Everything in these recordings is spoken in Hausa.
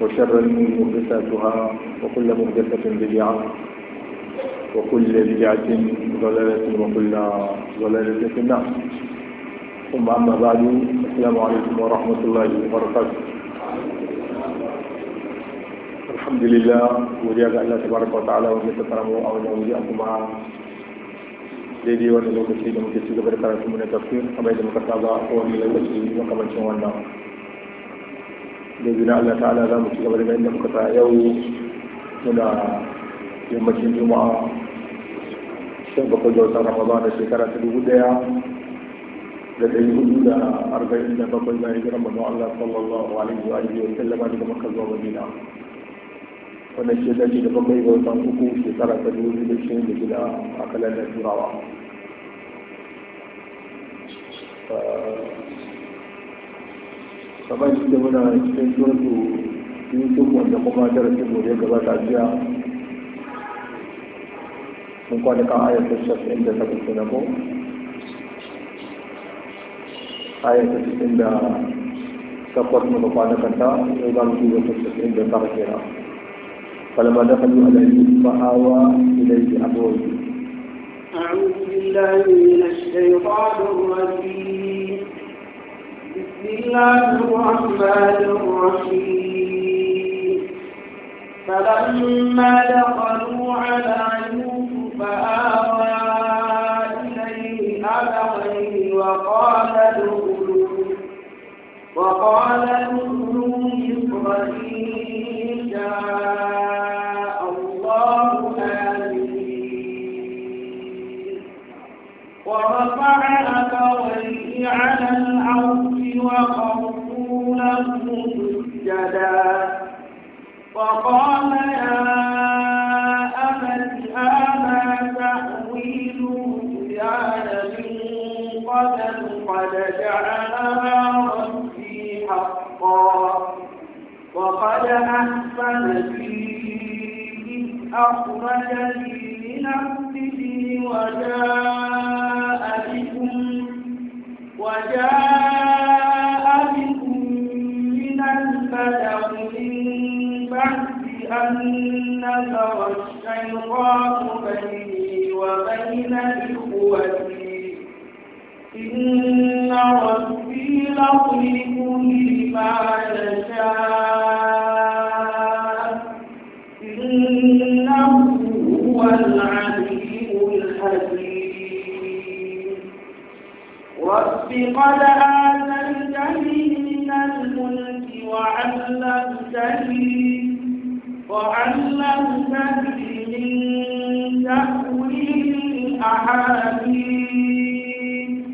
وشر الأمور محدثاتها وكل محدثة بدعة وكل بدعة ضلالة وكل ضلالة في النار ثم أما بعد السلام عليكم ورحمة الله وبركاته الحمد لله وجزاك الله تبارك وتعالى وجزاك الله أولا وجزاكم daidai wani lokaci da muke ci gaba da karatu mu na tafsir kamar yadda muka saba a kowane lokaci makamancin wannan da juna Allah ta'ala za mu ci gaba da inda muka tsaya yau muna yammacin juma'a shan bakwai da wata ramadan da shekara ta dubu daya da ɗari hudu da arba'in da bakwai bayan jiran manzo Allah sallallahu alaihi wa alihi wa sallam daga Makka zuwa Madina wannan shi da da bakwai da wata uku shekara ta dubu da shi da gida a kalan da turawa kamar shi da muna cikin suratu yusuf wanda kuma darasin mu gaba gabata jiya mun kwana kan ayar ta shafi'in da ta kusa na ko ayar ta cikin da takwas muka kwana kanta yau za mu duba ta shafi'in da ta kira فلما دخلوا على يوسف آوى إليه أبويه أعوذ بالله من الشيطان الرجيم الله الرحمن الرحيم فلما دخلوا على يوسف آوى إليه أبويه وقال ادخلوا وقال ادخلوا مصر إن شاء الله آمين ورفع أبويه على الأرض وقومونه سجدا فقال يا أبت هذا تأويل يا من قبل قد جعلها ربي حقا وقد أحسن بي إذ أخرجني لنفسه وجاء بكم وجاء فتح بعد أن بيني وبين إخوتي إن ربي لما يشاء إنه هو العليم الحكيم رب قد آتيتني وعلمتني وعلمتني من تأويل الأحاديث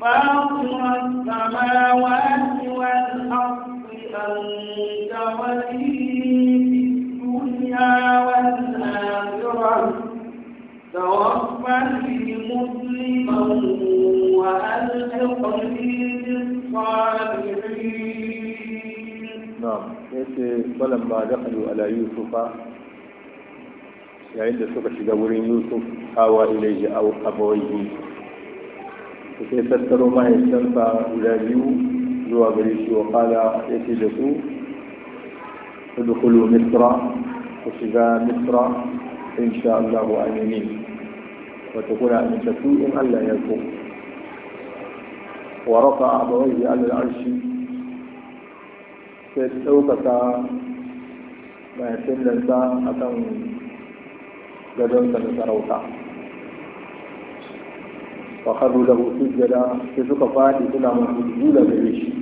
فاطر السماوات والأرض أنت ولي في الدنيا والآخرة توفني مسلما وألحقني بالصالحين yace balan ba da dakhalu ala yusufa yayin da suka shiga wurin yusuf hawa ilaihi aw abawaihi sai tattaro mahaifinsa guda biyu zuwa gare shi wa kala yace da su udkhulu misra ku shiga misra insha Allah wa aminin wata kuna amintattu in Allah ya so ورفع أبويه على العرش sai ɗaukaka mahaifin da a kan gadonsa da sarauta wa haru da hutu jada sai suka faɗi suna masu jula gare shi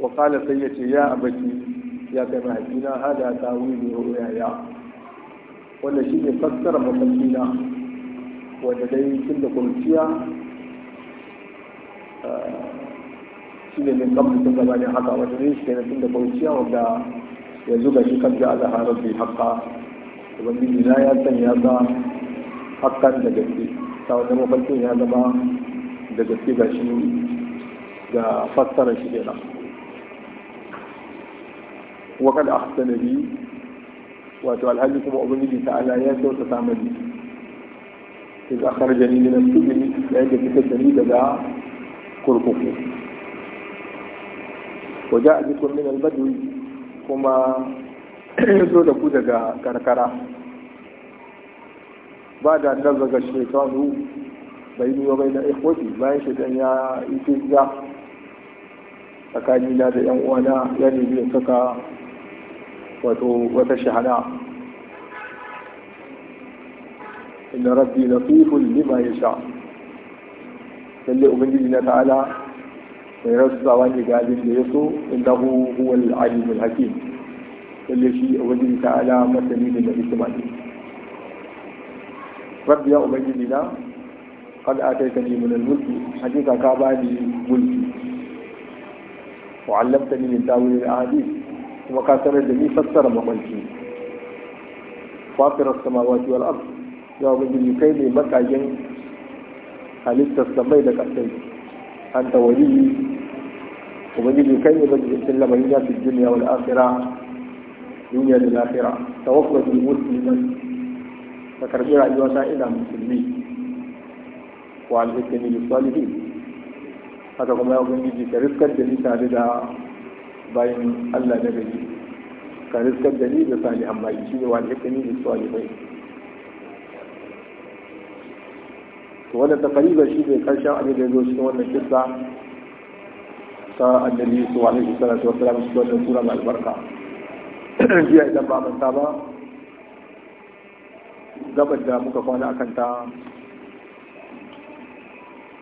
wakala sai ya ce ya abaki ya kai mahaifina hada ta wuli ruya ya wanda shi ne fassara mafafina wadda dai tun da kurciya shi ne min kamar tun gabanin haka wata ne shi kenan tun da bauciya wanda yanzu ga shi kan ja'ala harar bi haka ubangiji na ya sanya ta hakan da gaske ta wani mafarkin ya zama da gaske ga shi ga fassarar shi kenan wakad ahsana bi wato alhaji kuma ubangiji ta'ala ya kyauta samani إذ أخرجني من السجن فأجد كتبني بدا كركفو wa ja'a bikum min al kuma zo da ku daga karkara ba da nan daga shekaru bai ni bai da bayan shaitan ya yi fizza tsakanina da yan uwana ya nemi ya saka wato wata shahada inna rabbi latifun lima yasha lalle ubangiji na ta'ala sai rasu da wani gajin da ya so inda hu huwal alimul hakim sai shi a wajen ta ala masani da na hikima ne rabbi ya ubangiji na kada a kai ka ne mulki hakika ka ba ni mulki wa allamta ni min tawil al hadith kuma ka sanar da ni fassara mamanci fatirar samawati wal ard ya ubangiji kai mai makajin halittar samai da kasai أنت ولي ومجد كي يبدأ سلم هنا في الدنيا والآخرة دنيا للآخرة توفد المسلم فكرجع أيها إلى المسلمين وعن إثني للصالحين هذا ما يقول لي كرزك الدليل سالدا بين الله نبيه كرزك الدليل سالي أما يشير وعن إثني للصالحين wanda wannan takariban shi ne karshen abin da ya zo cikin wannan kisa ta annabi su alaihi salatu wa salam su wannan sura mai albarka jiya idan ba manta ba gabar da muka kwana akan ta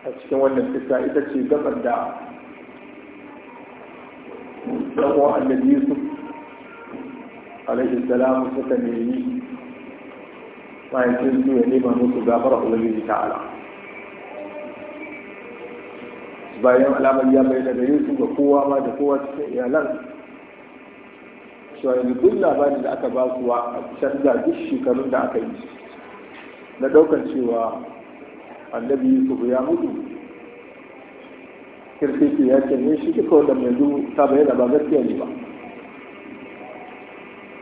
a cikin wannan kisa ita ce gabar da ɗanwa annabi yusuf alaihi salamu suka nemi bayan sun su ya nema musu gafara ubangiji ta'ala bayan alamar ya bai daga yin ga kowa ma da kowa cikin iyalan shawarar duk labari da aka ba su a canza duk shekarun da aka yi na ɗaukar cewa annabi su ya mutu kirkiki ya ce ne shi kika wanda zuwa ta bayyana ba gaskiya ne ba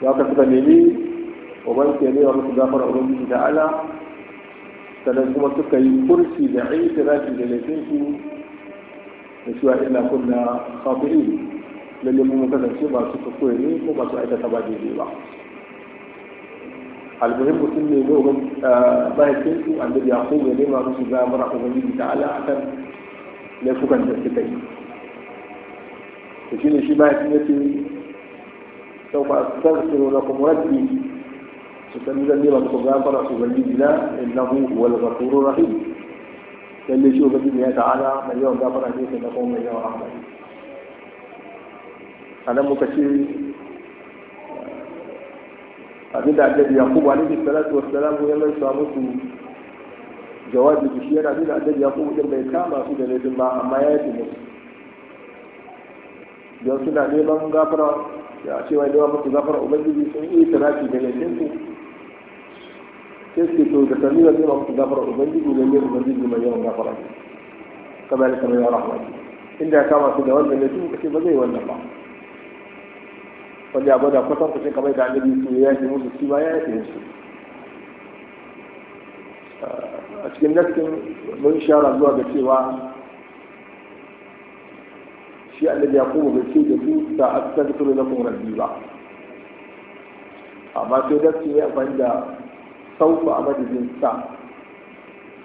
ya ka suka nemi uban ke ne wa musu gafara ubangiji da ala sannan kuma suka yi kursi da aiki rafi da laifinsu da cewa illa kunna khati'in lalle mun kasance ba su kuskure ne ko ba su aikata ba daidai ba almuhim mutum ne ga uban bayan su annabi yaqub ya nema musu zamara ubangiji ta'ala akan laifukan da suka yi to shine shi bayan ya ce sau ba astaghfiru lakum rabbi su san zan nema muku zamara ubangiji na innahu huwal ghafurur rahim lalle shi ubangiji ya ta'ala mai yawan gafara ne da kuma mai yawan rahama a nan muka ce abinda annabi yakubu alaihi salatu wassalamu ya mai samu su jawabi da shi yana nuna annabi yakubu din bai kama su da laifin ba amma ya yi musu don suna neman gafara ya wa da musu gafara ubangiji sun yi tsaraki da laifin su sai ce to da sami da zai ku gafara ubangiji da yin ubangiji mai yawan gafara kamar yadda mai yawan rahmatu inda ya kama su wannan ne sun kace ba zai wannan ba wanda ya gwada kwatan kucin kamar da annabi su ya yi musu shi ma ya yi musu a cikin nassin mun shara zuwa cewa shi bai ce da su ta amma sai ya saufa a madadin sa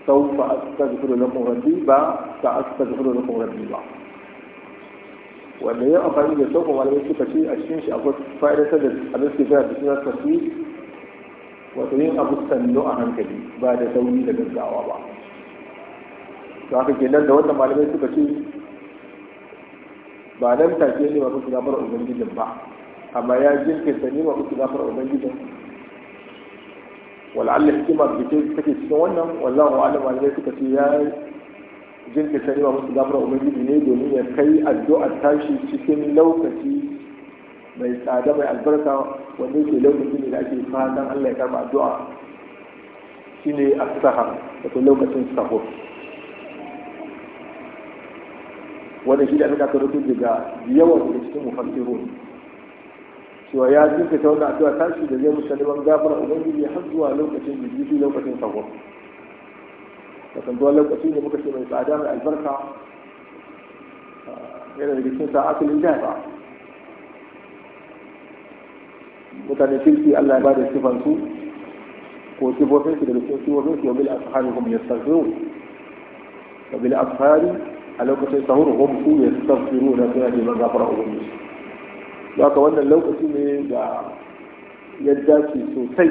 saufa astaghfiru lakum rabbi ba sa astaghfiru lakum rabbi ba wanda ya amfani da sauka malamai suka ce a cikin shi akwai fa'idatar da abin suke fara da suna tafi wato yin abu sannu a hankali ba da sauri da gaggawa ba to haka kenan da wannan malamai suka ce ba nan take ne masu gafar ubangijin ba amma ya jinkirta ne masu gafar ubangijin wal'alla hikima da ke take cikin wannan wallahu alama ne suka ce ya jinka ta nema musu gafara ubangiji ne domin ya kai addu'a tashi cikin lokaci mai tsada mai albarka wanda yake lokacin ne da ake fatan Allah ya karba addu'a shine as-sahar wato lokacin sahur wanda shi da aka karanto daga yawan da cikin mufassirun شواياتك تولى عدوى تاشي لذي مسلمة مجابرة أبنجي يحضوا لوكة مجيسي لوكة صغر لكن دول لوكة سيني مكسي من الإعدام البركة غير اللي بيسين ساعات للجافة متى نسيل في الله عبادة سيفان سو هو سيفو فيك اللي بيسين سيفو فيك وبالأسحار هم يستغفرون وبالأسحار لوكة سيطهور هم سو يستغفرون في هذه مجابرة أبنجي haka wannan lokaci ne da ya dace sosai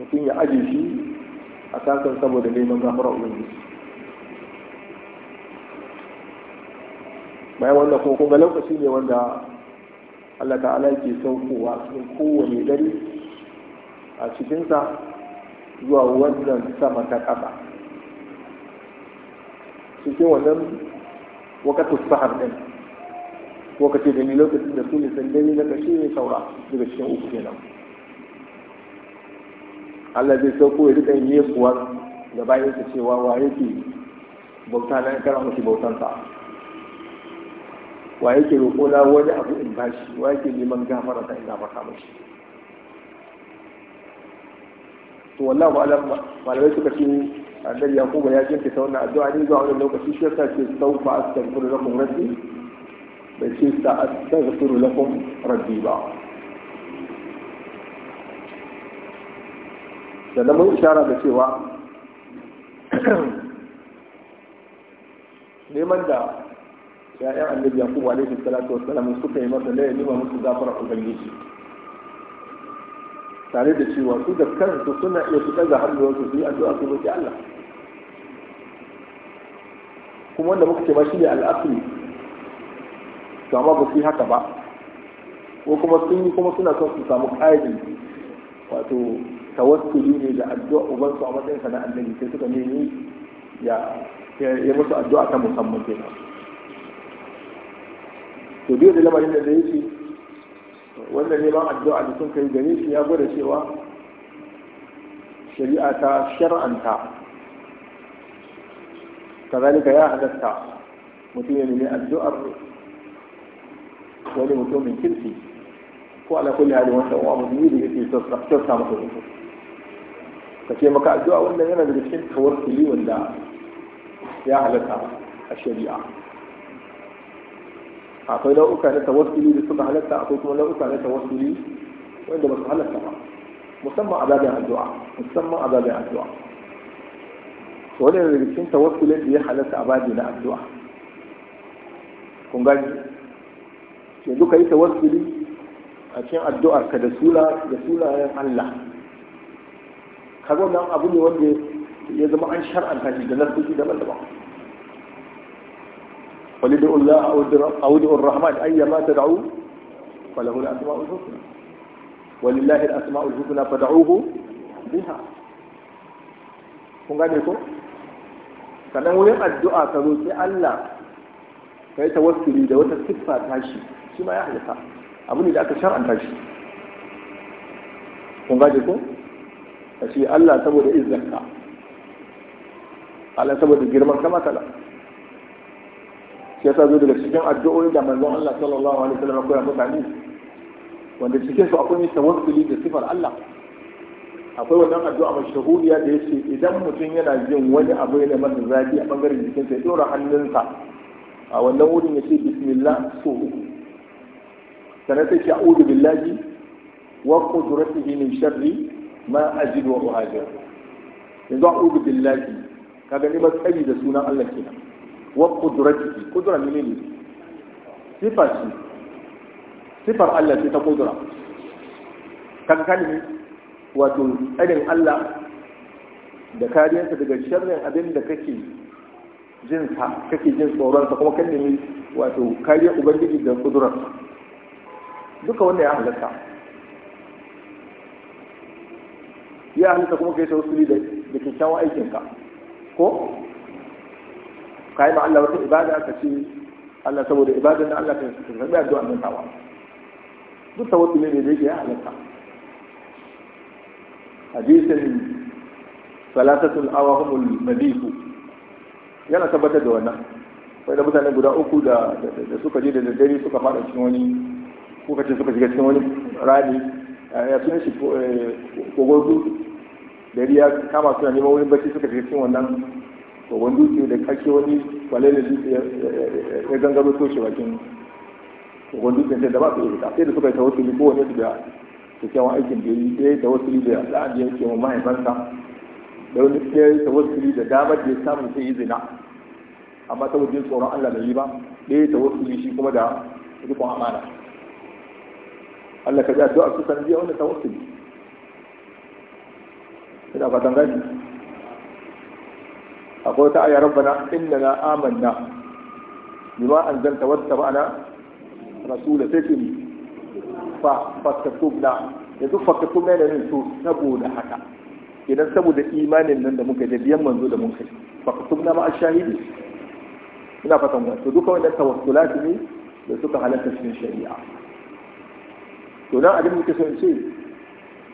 mutum ya aje shi a kasan saboda neman gafara ubangiji bayan wannan kuma kuma lokaci ne wanda Allah ta'ala ke saukowa cikin kowane dare a cikinsa zuwa wannan sama ta ƙasa cikin wannan wakatun sahar ɗin ko ka ce da ni lokacin da su ne sandani na kashe ne saura daga cikin uku nan? Allah zai sauko ya rika yin yekuwar da bayan ta cewa wa yake bauta na kara mashi sa wa yake roƙo na wani abu in bashi wa yake neman gafara ta in gafarta mashi to wallahi ba malamai suka ce annabi yakuba ya jinta ta wannan addu'a ne zuwa wani lokaci shi yasa ce sauka astaghfiru lakum rabbi bai ce sa'astaghfiru lakum rabbi ba da mun ishara da cewa neman da ya'yan annabi yakubu alaihi salatu Salamu suka yi masa laye nima musu gafara ubangiji tare da cewa su da kansu suna iya su ɗaga hannuwansu su yi addu'a su roƙi Allah kuma wanda muka ce ma shi ne al'asli to amma ba su yi haka ba ko kuma sun yi kuma suna son su samu ƙari wato tawassuli ne da addu'a ubansu a matsayin sa na annabi sai suka nemi ya ya musu addu'a ta musamman kenan to biyu da lamarin da ya ce wannan neman addu'a da sun kai gare shi ya gwada cewa shari'a ta shar'anta kazalika ya halatta mutum ya nemi addu'ar wani mutumin kirki ko ala kulli hali wa uwa musulmi da yake sassa masa mutum ka ce maka addu'a wannan yana da cikin tawakkuli wanda ya halatta a shari'a akwai nau'uka na tawassuli da suka halatta akwai kuma nau'uka na tawassuli wanda ba su halatta ba musamman a babin addu'a musamman a babin addu'a to wani daga cikin tawassulin da ya halatta a babin na addu'a kun gani yanzu ka yi tawassuli a cikin addu'ar ka da sula da sulayen Allah kaga wannan abu ne wanda ya zama an shar'anta shi da nasoshi daban-daban wani da Allah a wudu'ur rahman ayyama ta da'u falahu da asma'ul husna walillahi da asma'ul husna fa da'uhu biha kun gane ko sannan wurin addu'a ka roƙi Allah ka yi tawassuli da wata siffa tashi shi ma ya halitta, abu ne da aka shar'anta shi kun gaje ko ka ce Allah saboda izzarka Allah saboda girman kama kala shi yasa zo daga cikin addu'o'i da manzon Allah sallallahu alaihi wasallam koya ni. wanda cikin su akwai tawassuli da sifar Allah akwai wannan addu'a mashahuriya da yace idan mutum yana jin wani abu yana masa zafi a bangaren jikinsa ya dora hannunsa a wannan wurin yace bismillah so uku sannan sai ce a'udhu billahi wa qudratihi min sharri ma ajidu wa uhajir yanzu a'udhu billahi ka gani ba tsari da sunan Allah nan, wa qudratihi qudra ne ne sifar shi sifar Allah ce ta qudra kan kalmi wato tsarin Allah da kariyarsa daga sharrin abin da kake jin sa kake jin tsoron sa kuma kan nemi wato kariyar ubangiji da kudurarsa duka wanda ya halatta ya halatta kuma kai tawassuli da da kyakkyawan aikinka ko ka yi ma Allah wata ibada ka ce Allah saboda ibadan da Allah ka karbi addu'a nan tawa duk wata ne da yake ya halatta hadisin salatatul awahumul madihu yana tabbatar da wannan sai da mutane guda uku da suka je da daddare suka fada cikin wani Kokacin suka shiga cikin wani rami eh, ya tuna shi eh, kogon dutse gari kama suna neman wani bacci suka shiga cikin wannan kogon dutse da kake wani kwalele dutse ya gangaro toshe bakin kogon dutse sai da ba su iya fita sai da suka yi tawassuli kowane su da kyawun aikin da yi ɗaya tawassuli da al'adu ya ke wa mahaifansa da wani ɗaya tawassuli da damar da ya samu sai yi zina amma saboda yin tsoron Allah bai yi ba ɗaya tawassuli shi kuma da rikon amana Allah ka ji addu'a su sanadiyar wanda ta wasu ina fatan gani akwai ta aya rabbana innana amanna bima anzalta wattaba'na rasula sai ce fa ya yanzu fatatubna ne ne to saboda haka idan saboda imanin nan da muka biyan manzo da muka fatatubna ma ashahidi ina fatan gani to duka wannan tawassulati ne da suka halatta cikin shari'a to nan abin muke son ce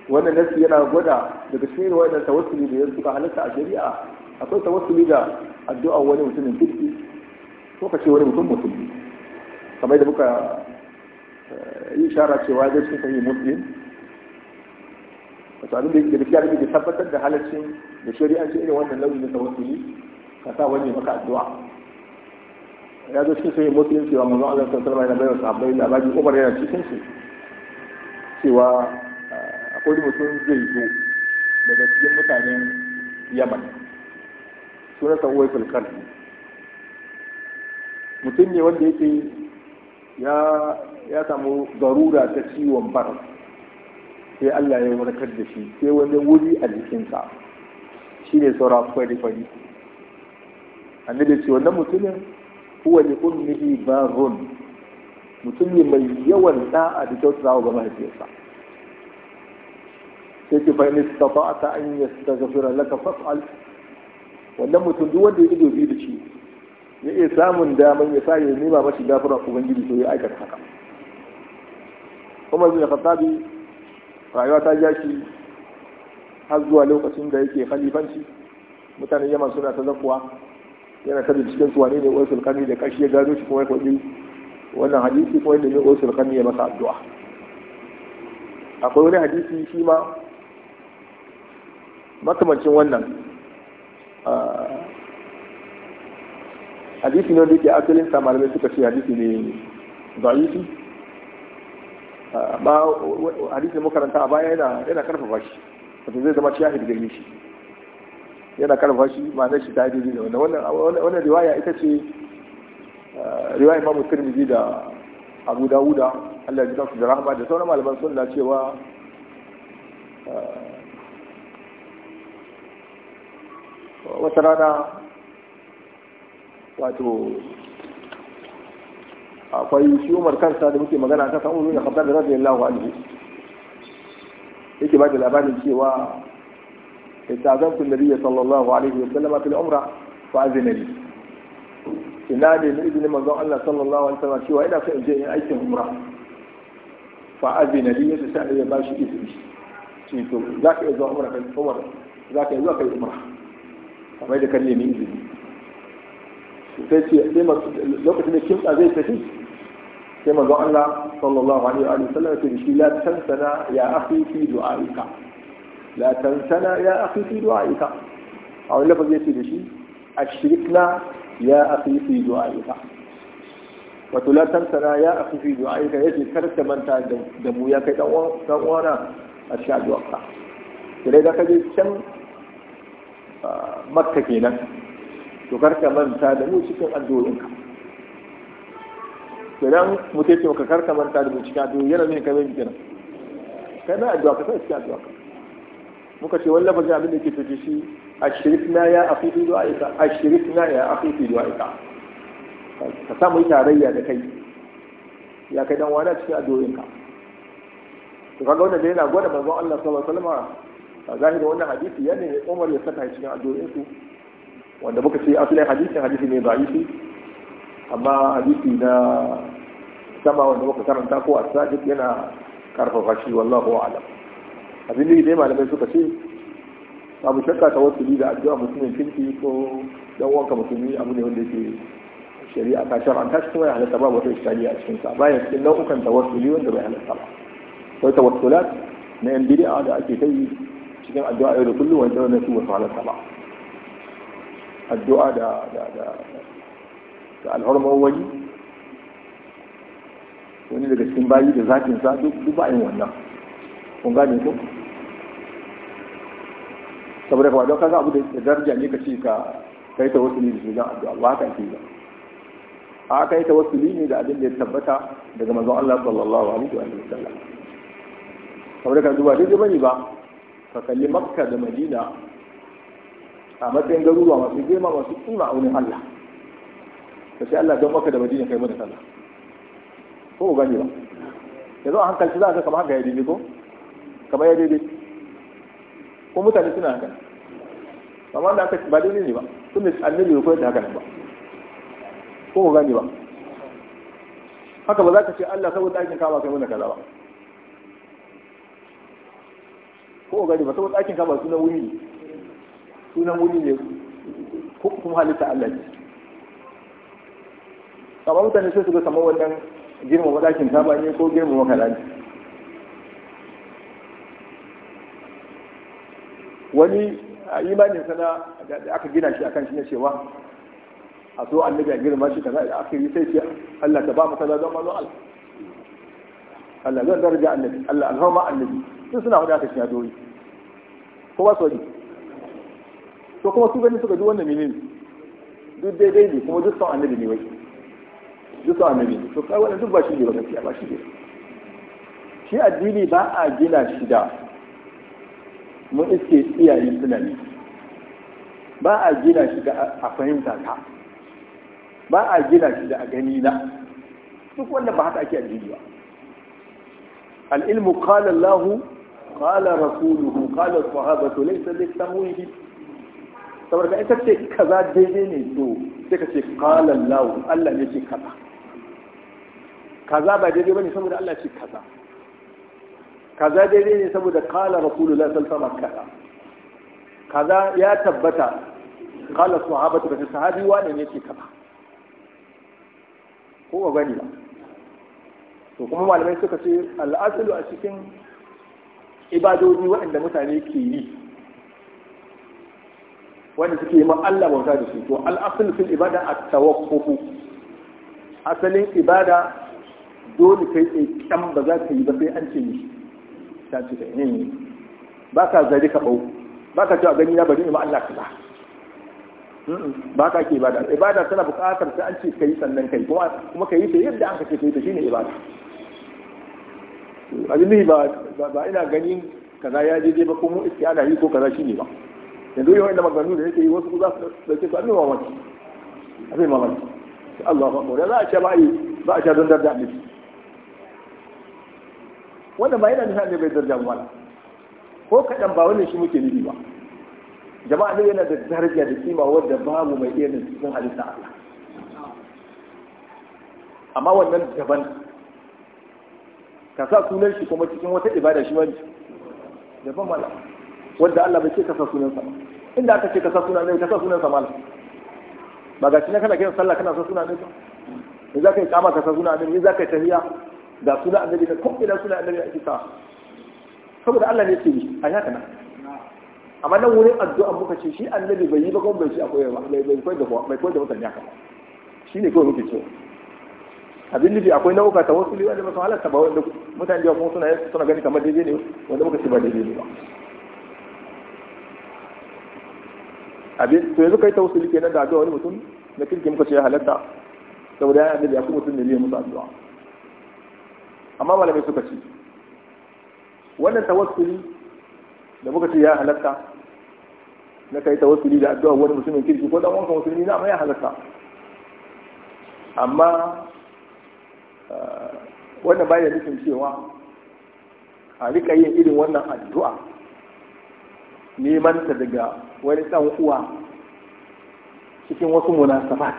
wannan nasi yana gwada daga cikin wannan tawassuli da yanzu ka halatta a shari'a akwai tawassuli da addu'a wani mutumin kirki ko ka ce wani mutum musulmi kamar da muka eh, yi shara cewa zai cikin sahih muslim wato abin da yake da yake tabbatar da halaccin da shari'a ce irin wannan launi na tawassuli ka sa wani maka addu'a ya zo cikin sahih muslim cewa manzon Allah sallallahu alaihi wasallam yana bayar da sahabbai labari Umar yana cikin shi cewa eh, akwai mutum zai zo daga cikin mutanen yaman ta uwai filkan mutum ne wanda yake ya samu garura ta ciwon bara sai Allah ya warkar da shi sai wani wuri a jikinsa shi ne saura fari-fari annabi ce wannan mutumin huwa li ummihi barun mutum ne mai yawan da'a da kyautata ga mahaifiyarsa sai ki fa'in istafa'ata an yastaghfira laka fas'al wannan mutum duk wanda ya ido biyu da shi ya iya samun daman ya sa ya nema mashi gafara ubangiji to ya aikata haka zai bin bi rayuwa ta ja shi har zuwa lokacin da yake khalifanci mutanen Yaman suna ta zakuwa yana kada cikin su wane ne wani sulkani da kashi ya gano shi kuma ya kwaɗi wannan hadisi kuma inda ne osir kan ya masa addu'a akwai wani hadisi shi ma makamancin wannan hadisi ne wanda yake asalin sa malamai suka ce hadisi ne da'ifi amma hadisi da makaranta a baya yana karfafa shi wata zai zama shahid gare shi yana karfafa shi ma'anar shi ta daidai da wannan wannan riwaya ita ce riwayar imamu tirmidhi da abu dawuda allah ya su da rahama da sauran malaman sunna cewa eh, wata rana wato akwai shi umar kansa da muke magana ta san umar da khattab yallahu anhu yake ba da labarin cewa zan istazantu nabiyyi sallallahu alaihi wasallama fil umra fa azina ina da yanzu izinin manzon Allah sallallahu alaihi wasallam cewa ina so in je in aikin umra fa azina li yasa sai ya bashi izini shi to zaka iya zuwa umra kai umra zaka iya zuwa kai umra kamar da kan nemi izini sai ce sai lokacin da kimta zai tafi sai manzon Allah sallallahu alaihi wa sallam ya shi la tansana ya akhi fi du'aika la tansana ya akhi fi du'aika a wani lafazi ya ce da shi a ashrikna ya akhi fi du'aika wato la tansana ya akhi fi du'aika yace kar ka manta da mu ya kai dan uwana a sha du'aka ka da kaje can makka kenan to kar ka manta da mu cikin da idan mutum ce maka kar ka manta da mu cikin addu'o'i yana ne kamar kenan kai na addu'a ka sai cikin addu'a muka ce wallafa ga abin da yake tafi shi ashirikna ya afi fi du'aika ashirikna ya afi fi du'aika ka samu yi tarayya da kai ya kai dan wani cikin addu'o'inka to kaga wannan da yana gwada manzon Allah sallallahu alaihi wasallam a zahirin wannan hadisi yana ne Umar ya saka cikin addu'o'insu wanda muka ce asalin hadisin hadisi ne da'ifi amma hadisi na sama wanda muka karanta ko a sajid yana karfafa shi wallahu a'lam abin da dai malamai suka ce babu shakka ta wasu da addu'a mutumin kirki ko dan uwanka musulmi abu ne wanda yake shari'a ta ta shi kuma ya halatta babu wata iskali a cikin sa bayan cikin nau'ukan tawassuli wanda bai halatta ba akwai tawassulat na yan bid'a da ake kai cikin addu'a yau da kullum wanda wannan su wasu halatta ba addu'a da da da da wani wani daga cikin bayi da zakin sa duk ba yin wannan kun gane ko saboda kawai don kaza abu da daraja ne ka ce ka kai ta wasu ne da shugaban addu'a ba haka ake ba a kai ta wasu ne da abin da ya tabbata daga mazan Allah sallallahu alaihi wa sallam saboda ka duba daidai bane ba ka kalli Makka da Madina a matsayin garuruwa masu girma masu kima a wurin Allah ka sai Allah don Makka da Madina kai mana sallah ko gani ba yanzu a hankali za ga kama haka ya daidai ko kamar ya daidai ko mutane suna haka amma da aka ba daidai ne ba tun da annabi bai koyar da haka ba ko ku gane ba haka ba za ka ce Allah saboda aikin kama kai mana kaza ba ko ku gane ba saboda aikin kama sunan wuri ne sunan wuri ne kuma halitta Allah ne amma mutane sai su ga saman wannan girmama ɗakin kama ne ko girma kaza wani a imanin sana da aka gina shi akan shi na cewa a so annabi a girma shi kaza da aka yi sai ce Allah ta ba mu kaza don manzo Allah Allah zan daraja annabi Allah alhama annabi sun suna wada aka shi doyi ko ba so to kuma su gani suka ji wannan menene duk daidai ne kuma duk son annabi ne wai duk son annabi ne to kai wannan duk ba shi ne ba gaskiya ba shi ne shi addini ba a gina shi da mun iske iyaye suna ne ba a gina shi da a fahimta ta ba a gina shi da a gani na duk wanda ba haka ake addini ba al'ilmu qala lahu, qala rasuluhu qala sahabatu laysa bi tamwihi saboda ita ce kaza daidai ne to sai ka ce qala Allah Allah ne ce kaza kaza ba daidai ba ne saboda Allah ce kaza kaza daidai ne saboda kala rasulullah sallallahu alaihi wasallam kaza ya tabbata kala sahabatu da sahabi wani yake kaza ko ba gani ba to kuma malamai suka ce al'asulu a cikin ibadodi waɗanda mutane ke yi wanda suke yi Allah bauta da shi to al'asul fil ibada at tawakkufu asalin ibada dole kai tsaye ba za ka yi ba sai an ce ni. ta ce eh ba ka zari ka bau ba ka cewa gani na bari ne ma Allah kaza ba ka ke ibada ibada tana buƙatar ta an ce ka yi sannan kai kuma ka yi ta yadda an ka ce kace kai ta shine ibada abin ba ba ina ganin kaza ya je ba ko mu isti'ana yi ko kaza shine ba yanzu yawan da maganganu da yake yi wasu za su dauke su abin mamaki abin mamaki Allahu akbar za a ce ba a ce don darda ne wannan ba yana nufin annabi bai daraja ba ko kaɗan ba wannan shi muke nufi ba jama'a ne yana da daraja da kima wadda babu mai iya cikin halitta Allah amma wannan daban ka sa sunan shi kuma cikin wata ibada shi wani daban mala wadda Allah bai ce ka sa sunan sa inda aka ce ka sa sunan ne ka sa sunan sa mala ba ga shi ne kana kiran sallah kana sa sunan ne ba ne za ka yi kama ka sa sunan ne za ka yi tahiya ga suna annabi da kuma da suna annabi ake sa saboda Allah ne ke yi a haka nan amma nan wurin addu'a muka ce shi annabi bai yi ba kuma bai ci akwai ba Mai bai koyar da bai koyar da mutane haka shi ne kawai muke cewa abin nufi akwai nau'uka ta wasu liwa da masu halatta ba wanda mutane da kuma suna suna gani kamar daidai ne wanda muka ce ba daidai ne ba abin to yanzu kai tawassuli kenan da addu'a wani mutum na kirki muka ce ya halatta saboda ya annabi ya kuma mutum ne ne musu addu'a amma malamai suka ce wannan tawassuli da muka ce ya halatta na kai tawassuli da addu'a wani musulmin kirki ko dan wanka musulmi na amma ya halatta amma ah, wannan baya nufin cewa a rika yin irin wannan addu'a neman ta daga wani dan uwa cikin wasu munasabat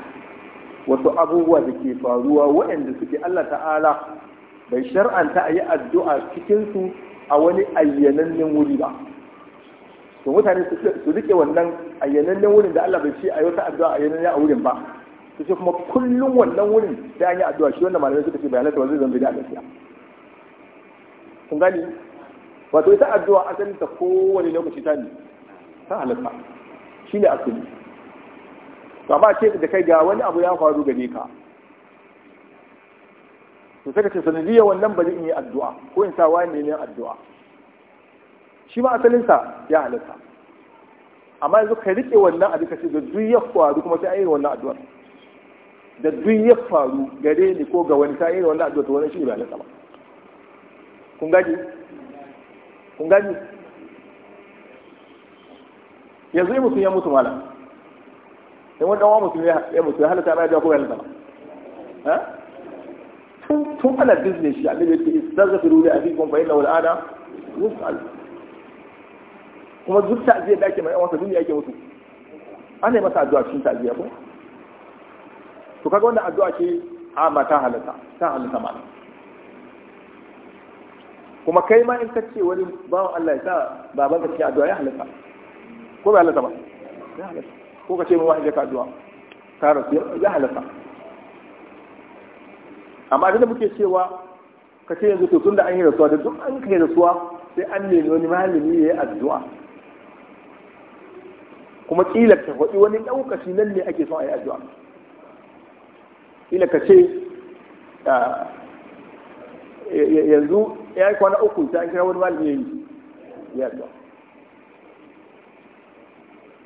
wasu abubuwa da ke faruwa waɗanda suke Allah ta'ala bai shar'anta a yi addu'a cikinsu a wani ayyanannen wuri ba to mutane su rike wannan ayyanannen wurin da Allah bai ce a yi wata addu'a ayyananne a wurin ba su ce kuma kullum wannan wurin sai an yi addu'a shi wannan malamai suka ce bayanai ba zai zama bid'a gaskiya kun gani wato ita addu'a asalin ta kowane lokaci ta ne ta halatta shine asali to amma ce da kai ga wani abu ya faru gare ka to sai ka ce wannan bari in yi addu'a ko in sa wani neman addu'a shi ma asalinsa ya halatta amma yanzu ka rike wannan abu ka ce da duk ya faru kuma sai a yi wannan addu'ar da duk ya faru gare ni ko ga wani sai a yi wannan addu'ar to wannan shi ne ba halatta ba kun gaji kun gaji yanzu in mutum ya mutu mala sai wani ɗan wa mutum ya mutu ya halatta ba ya ko ya halatta ba tun ana bizne shi zafi yake a li abikum fa wal'ada al'ana al kuma duk ta'ziya da ake mai wata duniya yake mutu ana yi masa addu'a cikin ta'ziya ko to kaga wannan addu'a ce a ma ta halatta ta halatta ma. kuma kai ma in ka ce wani bawan Allah ya sa baban ka cikin addu'a ya halatta ko bai halatta ba ya halatta ko ka ce mun wani ka addu'a ta rasu ya halatta amma da muke cewa ka ce yanzu tutun da an yi rasuwa da duk an kai rasuwa sai an nemi wani malami ya yi addu'a kuma kila ka faɗi wani ɗaukaci nan ne ake son a yi addu'a kila ka ce yanzu ya yi kwana uku sai an kira wani malami ya yi ya addu'a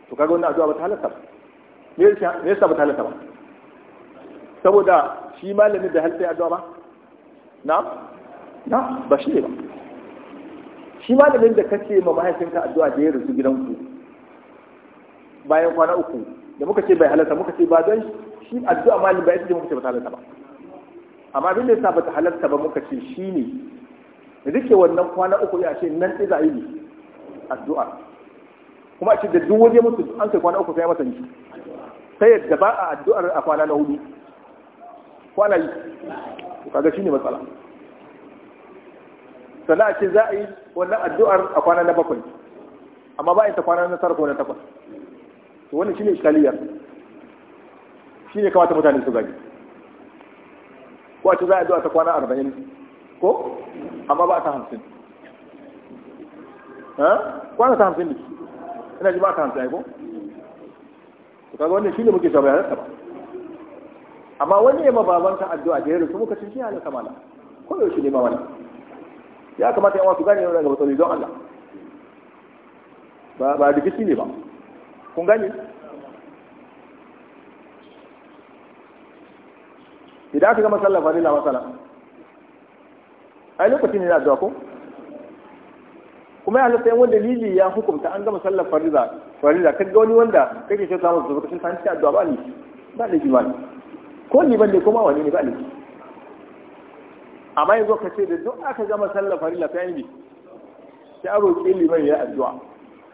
to kaga wannan addu'a ba ta halatta ba me yasa ba ta halatta ba saboda shi malamin da halittar addu'a ba na na ba shi ne ba shi malamin da kace ma mahaifinka addu'a da ya rasu gidanku bayan kwana uku da muka ce bai halarta muka ce ba don shi addu'a malin ba ita ce muka ce ba ta halarta ba amma abin da sa ba ta halarta ba muka ce shi ne rike wannan kwana uku ya ce nan ɗaya za a yi addu'a kuma a ce da duk waje mutu an kai kwana uku sai masa ni ta yadda ba a addu'ar a kwana na hudu Kwanayi, yi kaga shine matsala Sana'a ce za a yi wannan addu'ar a kwana na bakwai amma ba ta kwana na tara ko na takwas to wannan shine iskaliyar shine kamata mutane su gani ko a ce za a addu'a ta kwana arba'in ko amma ba ta hamsin ha kwana ta hamsin ne ina ji ba ta hamsin ai ko kaga wannan shine muke sa bayanan ba amma wani ya babanta addu'a da yaro rasu muka ce shi halin kamala ko yaushe ne ma wani ya kamata yan wasu gane yana daga matsaloli don Allah ba ba rikici ne ba kun gane idan aka gama sallar farilla masala ai lokacin ne na addu'a ko kuma ya halatta wanda lili ya hukumta an gama sallar farilla farilla kaga wani wanda kake kyauta masa zuwa kashin ta hanci addu'a ba ni ba da jimani ko ban ne kuma wani ne ba ne amma yanzu ka ce da duk aka gama sallar farilla ta yi sai a roƙi liman ya addu'a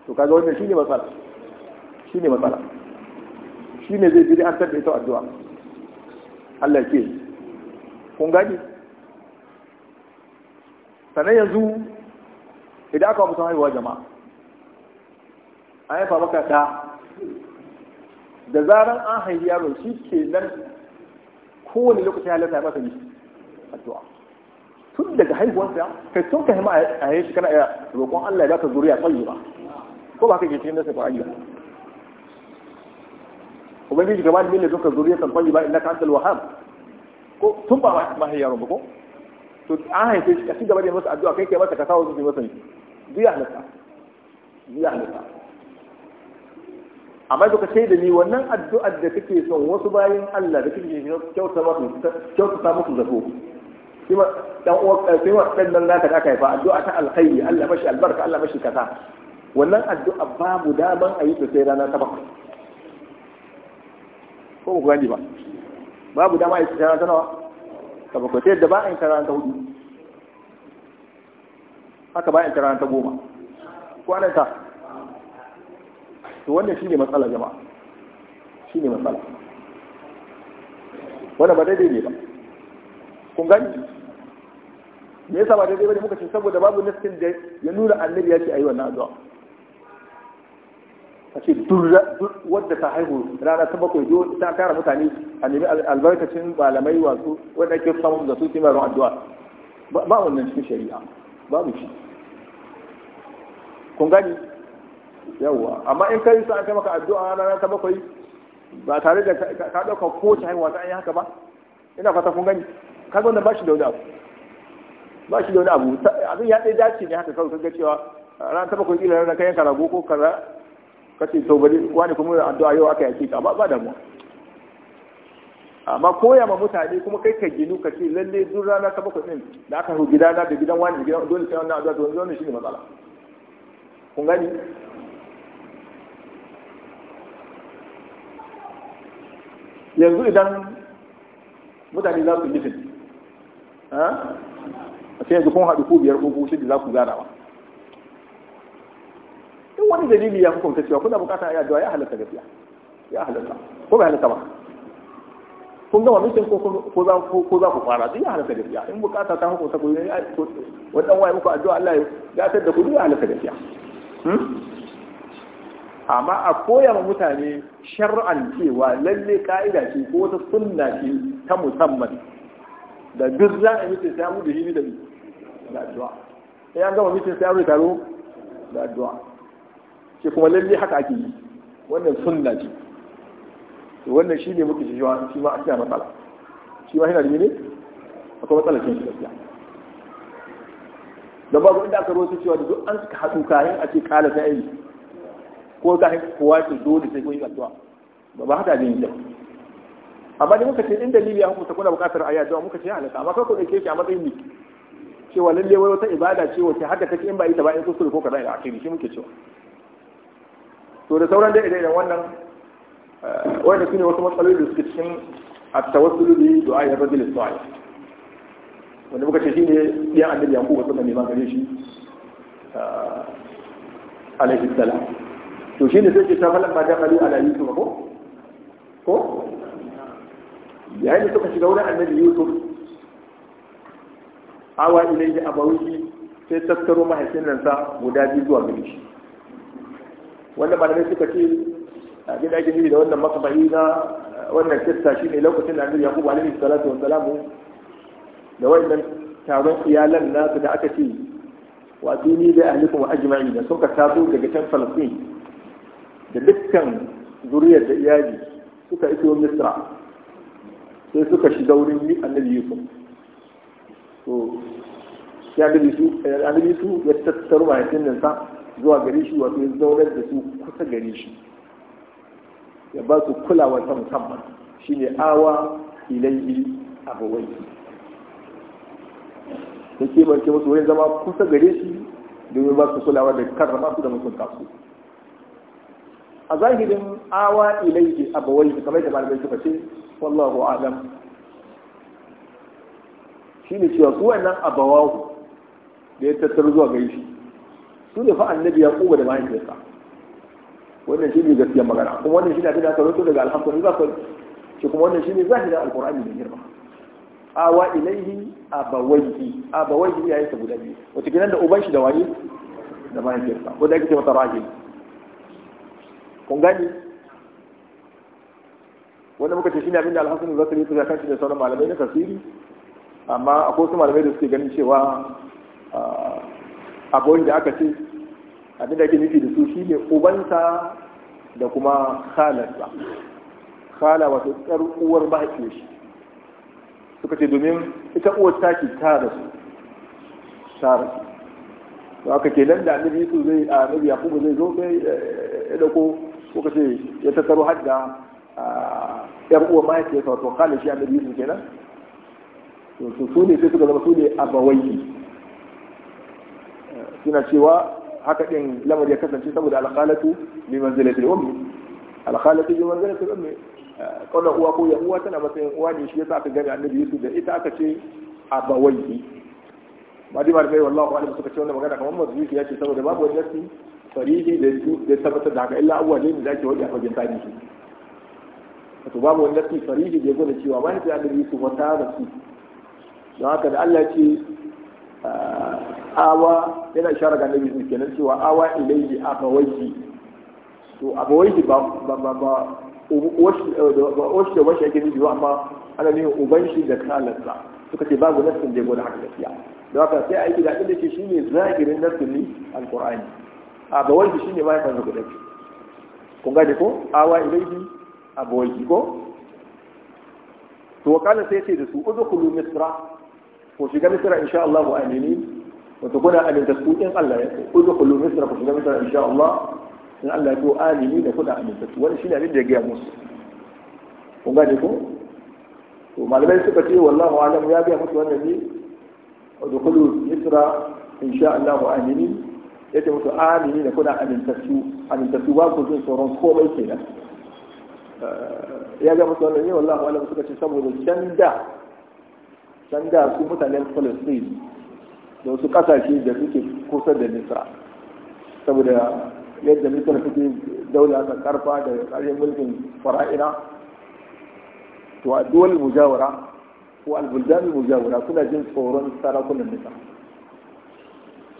to kaga wannan shine matsala shine matsala shine zai bi an tabbe ita addu'a Allah ke kun gani sanan yanzu idan aka mutum haihuwa jama'a an haifa maka da da zaran an haifi yaro shi ke nan kowane lokaci ya lalata masa ne addu'a tun daga haihuwansa kai tun ka hima a yi shi kana ya roƙon Allah ya baka zuriya tsayi ba ko ba ka ke cikin nasa fa'ila ubangiji gaba da mille tun ka zuriya san tsayi ba inna ka antal wahhab ko tun ba ma hayya ba ko to an haife shi ka ci gaba da masa addu'a kai ke masa ka kawo su masa ne duk ya halatta duk ya amma duka sai da ni wannan addu'ar da kake son wasu bayan Allah da kake kyauta musu kyauta musu zato kuma dan uwa sai wa dan nan zaka kai fa addu'a ta alkhairi Allah bashi albarka Allah bashi kasa wannan addu'a babu daman ayi ta sai rana ta bakwai ko ku gani ba babu dama ayi ta rana ta nawa ta bakwai sai da ba a ta rana ta hudu haka ba a ta rana ta goma ta to wannan shine matsala jama'a shine matsala wannan ba daidai ne ba kun gani me yasa ba daidai bane muka ce saboda babu naskin da ya nuna annabi ya ce ayi wannan azwa a ce duk wadda ta haihu rana ta bakwai zo ta tara mutane a nemi albarkacin malamai wasu wadda ake samun da su su maron addu'a ba wannan cikin shari'a babu shi kun gani yawa amma in kai sa an kai maka addu'a ranar ta bakwai ba tare da ka dauka kowace haihuwa ta an yi haka ba ina fata kun gani kaga wannan ba shi da wani abu ba shi da wani abu abin ya ɗaya dace ne haka kawai ga cewa ranar ta bakwai kila ranar kayan karago ko kaza kace to bari wani kuma da addu'a yau aka yake amma ba damuwa amma koya ma mutane kuma kai ka ginu ka ce lalle duk rana ta bakwai din da aka hu gidana da gidan wani gidan dole sai wannan addu'a to wannan shine matsala kun gani yanzu idan mutane za su mitin sai yanzu kun haɗu ko biyar ko shi da za ku ganawa in wani dalili ya hukunta cewa kuna bukata a yaduwa ya halatta gaskiya ya halatta ko bai halatta ba kun gama mitin ko za ko za ku fara duk ya halatta gaskiya in bukata ta hukunta ku ne wani waye muku addu'a Allah ya gatar da ku duk ya halatta gaskiya hmm? amma a koya ma mutane shar'an cewa lalle ka'ida ce ko wata sunna ce ta musamman da duk za a mutum sai da shi da da addu'a sai an gama mutum sai mu taro da addu'a ce kuma lalle haka ake yi wannan sunna ce to wannan shi ne muke shiwa shi ma ake matsala shi ma yana da ne akwai matsala cikin shi gaskiya da babu inda aka rosu cewa duk an suka haɗu kayan a ce kala ta ko ka haifi kowa ce dole sai kun yi addu'a ba ba haka abin yi amma da muka ce inda libya ya hukunta kuna buƙatar a yi muka ce ya halatta amma kai ke ɗauke shi a matsayin miki cewa lalle wai wata ibada ce wace haka take in ba ita ba in kuskure ko kaza ila akiri shi muke cewa to da sauran dai idan wannan eh, wanda ne wasu matsaloli da suke cikin at-tawassulu bi du'a ya rajul salih wanda muka ce shine ɗiyan annabi yakubu sallallahu alaihi wasallam ne shi eh, alaihi salam to shi ne zai ke ta falan ba dakalu ala yusuf ko ko yayin da suka shiga wurin annabi yusuf awa ilaihi abawaihi sai tattaro mahaifin nan sa guda biyu zuwa gare shi wanda malamai suka ce a gida ake nufi da wannan makabahi na wannan kista shi ne lokacin da annabi yakubu alaihi salatu wa salamu da wannan taron iyalan nasu da aka ce wa dini da ahlikum ajma'in da suka taso daga can falastin da dukkan zuriyar da iyali suka iso misra sai suka shiga wurin annabi yusuf to ya annabi su eh, annabi su ya tattaro mahaifin nan sa zuwa gare shi wato ya zaunar da su kusa gare shi ya ba su kulawa ta musamman ne awa Ilai, a bawai sai ke barke masu wurin zama kusa gare shi domin ba su kulawa da karrama su da mutunta su a zahirin awa ilaihi abawai kamar da malamai suka ce wallahu a'lam ne cewa su wannan abawahu da ya tattar zuwa gare shi su ne fa annabi ya kuba da mahaifiyarsa wannan shi ne gaskiyar magana kuma wannan shi ne abin da aka rawaito daga alhamdulillah za shi kuma wannan shi ne zahirin alkur'ani da girma awa ilaihi abawaihi abawaihi yi sabu guda biyu wata kenan da uban shi da waye da mahaifiyarsa wanda ake ce mata rahim kun gani wanda muka ce shine abin da alhassan zai yi ta kanshi da sauran malamai na tafsiri amma akwai wasu malamai da suke ganin cewa abuwan da aka ce abin da ake nufi da su shine ubansa da kuma khalarsa khala wato tsar uwar mahaifiyar shi suka ce domin ita uwar taki ta rasu ta rasu to aka kenan da annabi su zai nabi yakubu zai zo sai eh, ya dauko ko ka ce ya tattaro har da yan uwa mahaifiyarsa wato khalid shi annabi yusuf kenan to su ne sai suka zama su ne bawai suna cewa haka din lamar ya kasance saboda alkhalatu bi manzilatil ummi alkhalatu bi manzilatil ummi kaunar uwa ko uwa tana matsayin uwa ne shi yasa aka gani annabi yusuf da ita aka ce bawai ba dima ba da kai wallahi alim suka ce wannan magana kamar mazuki ya ce saboda babu wani yasi sarihi da da tabbatar da haka illa abuwa ne da ake wajen fagen tarihi wato babu wani lafi sarihi da ya gwada cewa mahaifin annabi su wata rasu don haka da allah ce ah, awa yana ishara ga nabi sun kenan cewa awa aka waji to waji ba ba ba ba wasu eh, da wasu ake nufi ba amma ana nufin uban shi da kalansa suka ce babu nassin da ya gwada haka gaskiya don haka sai a yi da ake da shi ne zagirin nassin ne alqur'ani a ga wanda shi ne kan guda biyu kun gane ko awa ilaihi a ga wanda ko to kana sai ce da su kulu misra ko shiga misra insha Allah wa amini wato kuna aminta su in Allah ya uzu kulu misra ko shiga misra insha Allah in Allah ya so amini da kuna aminta su wani shine abin da ya gaya musu kun gane ko to malamai suka ce wallahu alam ya gaya musu wannan ne udkhulu misra insha Allah wa amini ya ce musu amini da kuna amintattu amintattu ba ku jin tsoron komai kenan eh, ya ga musu wannan ne wallahi alam suka ce saboda can da can da su mutanen Palestine da wasu kasashe da suke kusa da Misra saboda yadda Misra suke daula ta karfa da ƙarshen mulkin fara'ina to a duwal mujawara ko albuldan mujawara suna jin tsoron sarakunan Misra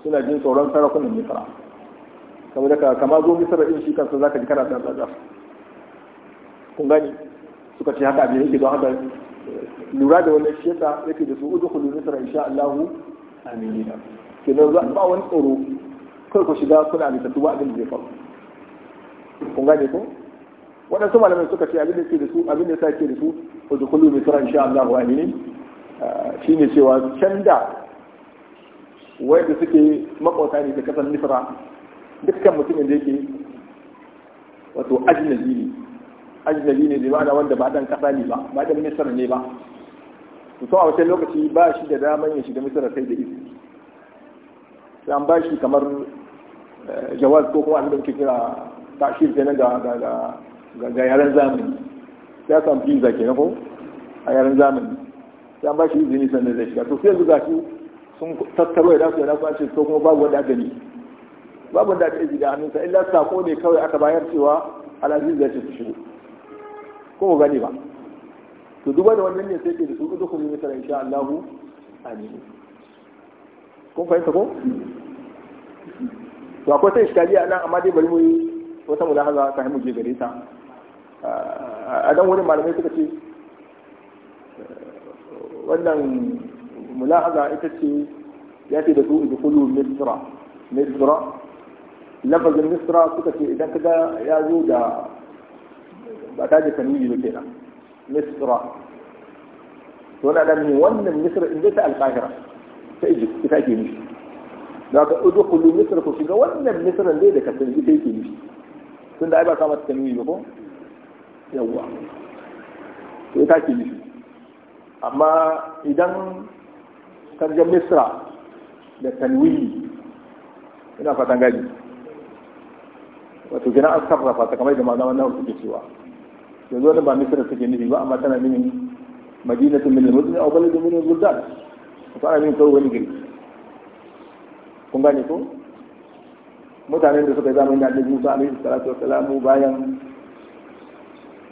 suna jin tsoron sarakunan misra kamar ka kama zo misra din shi kansa zaka ji kana da tsada kun gani suka ce haka abin yake don haka lura da wannan shi yasa yake da su kullu misra insha Allah amina kenan za ba wani tsoro kai ku shiga kuna da duba abin da zai faru kun gane ko waɗansu malamai suka ce abin da ke da su abin da yasa ke da su kullu misra insha Allah amina ah, shine cewa can da wanda suke makwauta ne da kasar misra dukkan mutumin da yake wato ajnabi ne ajnabi ne zai da wanda ba dan kasa ne ba ba dan misra ne ba to a wata lokaci ba shi da daman ya shiga misra sai da izini sai an ba shi kamar eh, jawaz ko kuma abin da ke kira tashir kenan ga ga ga ga yaren zamani sai aka visa kenan ko a yaren zamani sai an ba shi izini sannan zai shiga to sai yanzu shi sun tattaro ya su da su an ce kuma babu wanda aka babu wanda aka ji da hannunsa illa sako ne kawai aka bayar cewa al'aziz zai ce su shigo ko mu gani ba to duba da wannan ne sai ke da su duk kuma misala insha Allah amin kun fahimta ko to akwai sai iskali a nan amma dai bari mu yi wata mulahaza ta mu je gare ta a dan wurin malamai suka ce eh, wannan mulahaza ita ce ya ce da su idkhulu misra misra lafazin misra suka ce idan kaga ya zo da ba ta da tanwini ba kenan misra to na da wannan misra in ta alqahira ta egypt ita ke da ka udkhulu misra ku shiga wannan misra dai da kasan ba ba ko ita amma idan sarjan misra da tanwihi ina fatan gaji wato gina an sarrafa ta kamar da ma'ana wannan nawa suke cewa yanzu wani ba misra suke nufi ba amma tana nufin madinatu min al-mudni aw baladu min al-buldan to ana nufin kawai wani gari kun gane ko mutanen da suka yi zamanin annabi Musa alaihi salatu wa salamu bayan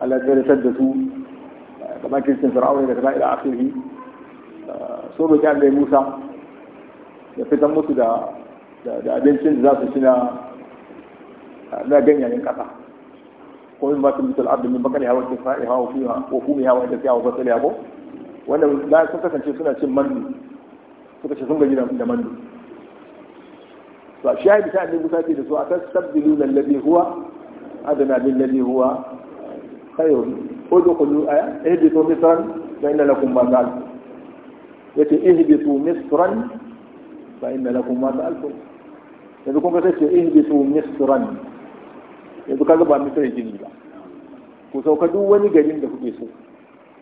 Allah ya da su kamar kirkin fir'auna da kamar ila akhirih so kyan bai Musa da fitan musu da da abincin da za su shi na ganyayen kasa ko yin ba su mutu al'abdu min bakali hawa kifa'i hawa fi wa fumi hawa da fiha wa fasali hawa wanda la sun kasance suna cin mandu suka ce sun gaji da mandu to shahidi ta annabi Musa ce da su atastabdiluna alladhi huwa adana bil ladhi huwa khairun udkhulu ayat eh, ihbitu misran fa inna lakum ma yace ihbitu misran fa inna lakum ma sa'altum yanzu kun ga sai ce ihbitu misran yanzu kaga ba misra gini ba ku sauka duk wani garin da kuke so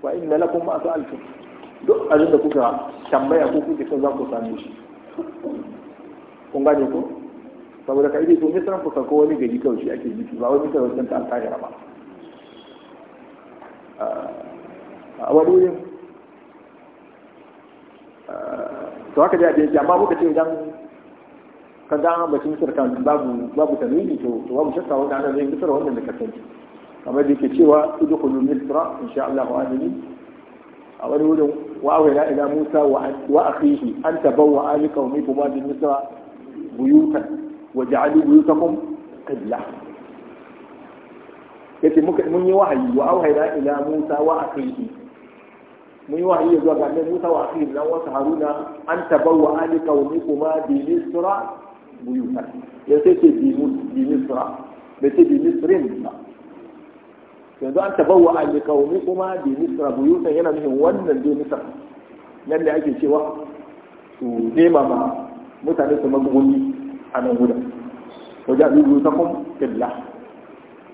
fa inna lakum ma sa'altum duk abin da kuka tambaya ko kuke so za ku same shi kun gane ko saboda ka ihbitu misran ku sauka wani gari kawai shi ake nufi ba wani kawai ta al-tahira ba a wani wurin to haka dai abin amma muka ce idan ka ga an bacin misir kan babu babu tanwini to to babu shakka wanda ana zai misir wannan da kasance kamar da yake cewa udkhulu misra insha Allah aminin a wani wurin wa wala ila Musa wa akhihi an tabawwa ali qaumikuma bi misra buyutan waj'alu buyutakum qibla yace muka mun yi wahayi wa auhayna ila Musa wa akhihi mun yi wahayi zuwa ga annabi Musa wa akhi nan wasu Haruna an tabawwa ali qaumikuma bi misra buyutan ya sai ce bi misra bai ce bi misrin ba yanzu an tabawwa ali kuma bi misra buyutan yana nufin wannan dai misra nan da ake cewa su nema ma mutane su magugumi a nan gudan wajen abubuwa ta kuma killa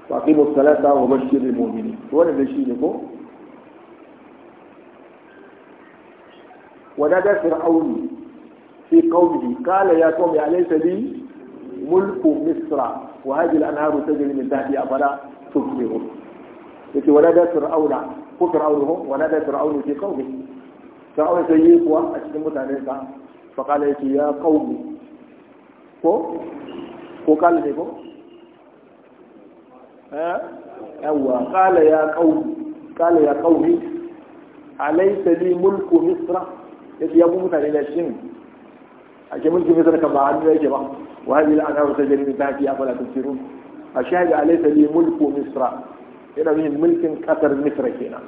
wa aqimu salata wa bashiril mu'minin wannan da shi ne ko ونادى فرعون في قومه قال يا قوم أليس لي ملك مصر وهذه الأنهار تجري من تحتي أفلا تبصرون ونادى فرعون فرعون ونادى فرعون في قومه فرعون سيئك وأشتمت عليك فقال يا يا قوم وقال لي ها أيوة. قال يا قوم قال يا قوم أليس لي ملك مصر ya ce ya ku ne na shin a ke mulki misar kan ba hannu yake ba wa hadhihi al-anharu tajri min tahtiha ta tusirun a shahida alaysa li mulku misra yana yin mulkin kasar misra kenan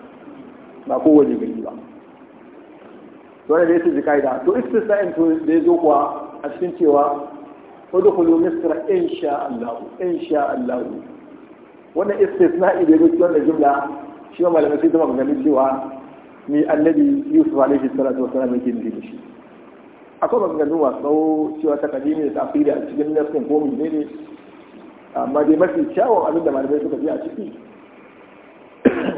ba kowane gari ba wanda da ya ce kaida to istisna'in to da ya zo kuwa a cikin cewa udkhulu misra insha Allah sha Allah wannan istisna'i da ya zo cikin wannan jumla shi ma malamai sai ta gani cewa ni annabi yusuf alaihi salatu salam yake nufi shi akwai maganganu masu tsawo cewa ta kadimi da tafiri a cikin nafsin ko ne ne amma dai mafi kyawun abin da malamai suka je a ciki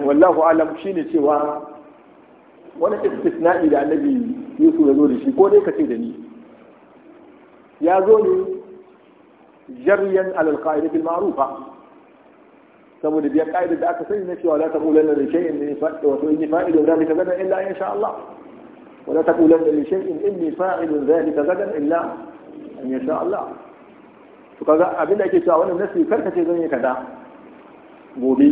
wallahu alam shi ne cewa wani istisna'i da annabi yusuf ya zo da shi ko dai kace da ni ya zo ne jaryan alal ma'rufa saboda biyar ƙa'ida da aka sani na cewa la taqulanna li shay'in inni wato inni fa'ilun dhalika gadan illa in sha Allah wa la taqulanna li shay'in inni fa'ilun dhalika gadan illa in sha Allah to kaga abin da ake cewa wannan nasi karka ce zan yi kaza gobe